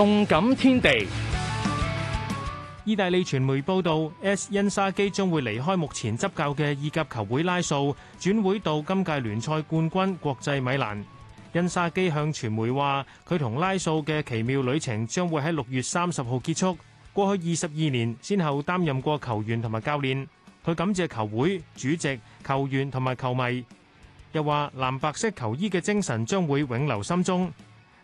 動感天地。意大利傳媒報道，S 恩沙基將會離開目前執教嘅意甲球會拉素，轉會到今屆聯賽冠軍國際米蘭。恩沙基向傳媒話，佢同拉素嘅奇妙旅程將會喺六月三十號結束。過去二十二年，先後擔任過球員同埋教練。佢感謝球會、主席、球員同埋球迷，又話藍白色球衣嘅精神將會永留心中。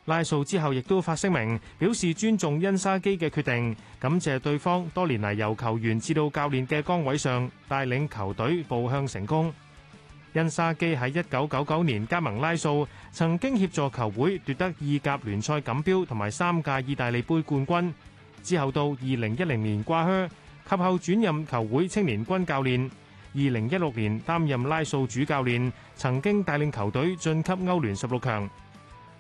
拉素之後，亦都發聲明表示尊重恩沙基嘅決定，感謝對方多年嚟由球員至到教練嘅崗位上帶領球隊步向成功。恩沙基喺一九九九年加盟拉素，曾經協助球會奪得意甲聯賽錦標同埋三屆意大利杯冠軍。之後到二零一零年掛靴，及後轉任球會青年軍教練。二零一六年擔任拉素主教練，曾經帶領球隊晉級歐聯十六強。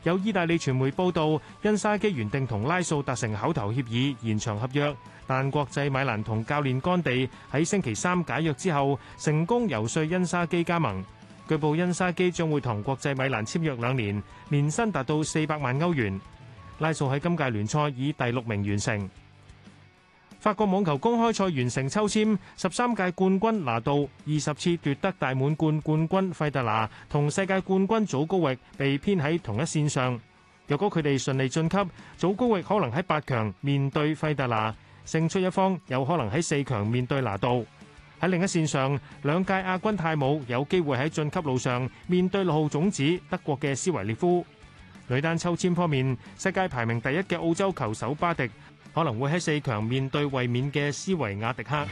有意大利傳媒報道，恩沙基原定同拉素達成口頭協議延長合約，但國際米蘭同教練干地喺星期三解約之後，成功游說恩沙基加盟。據報恩沙基將會同國際米蘭簽約兩年，年薪達到四百萬歐元。拉素喺今屆聯賽以第六名完成。法國網球公開賽完成抽簽，十三屆冠軍拿度、二十次奪得大滿貫冠軍費特拿同世界冠軍祖高域被編喺同一線上。若果佢哋順利晉級，祖高域可能喺八強面對費特拿，勝出一方有可能喺四強面對拿度。喺另一線上，兩屆亞軍泰姆有機會喺晉級路上面對六號種子德國嘅斯維列夫。女單抽簽方面，世界排名第一嘅澳洲球手巴迪。可能會喺四強面對衛冕嘅斯維亞迪克。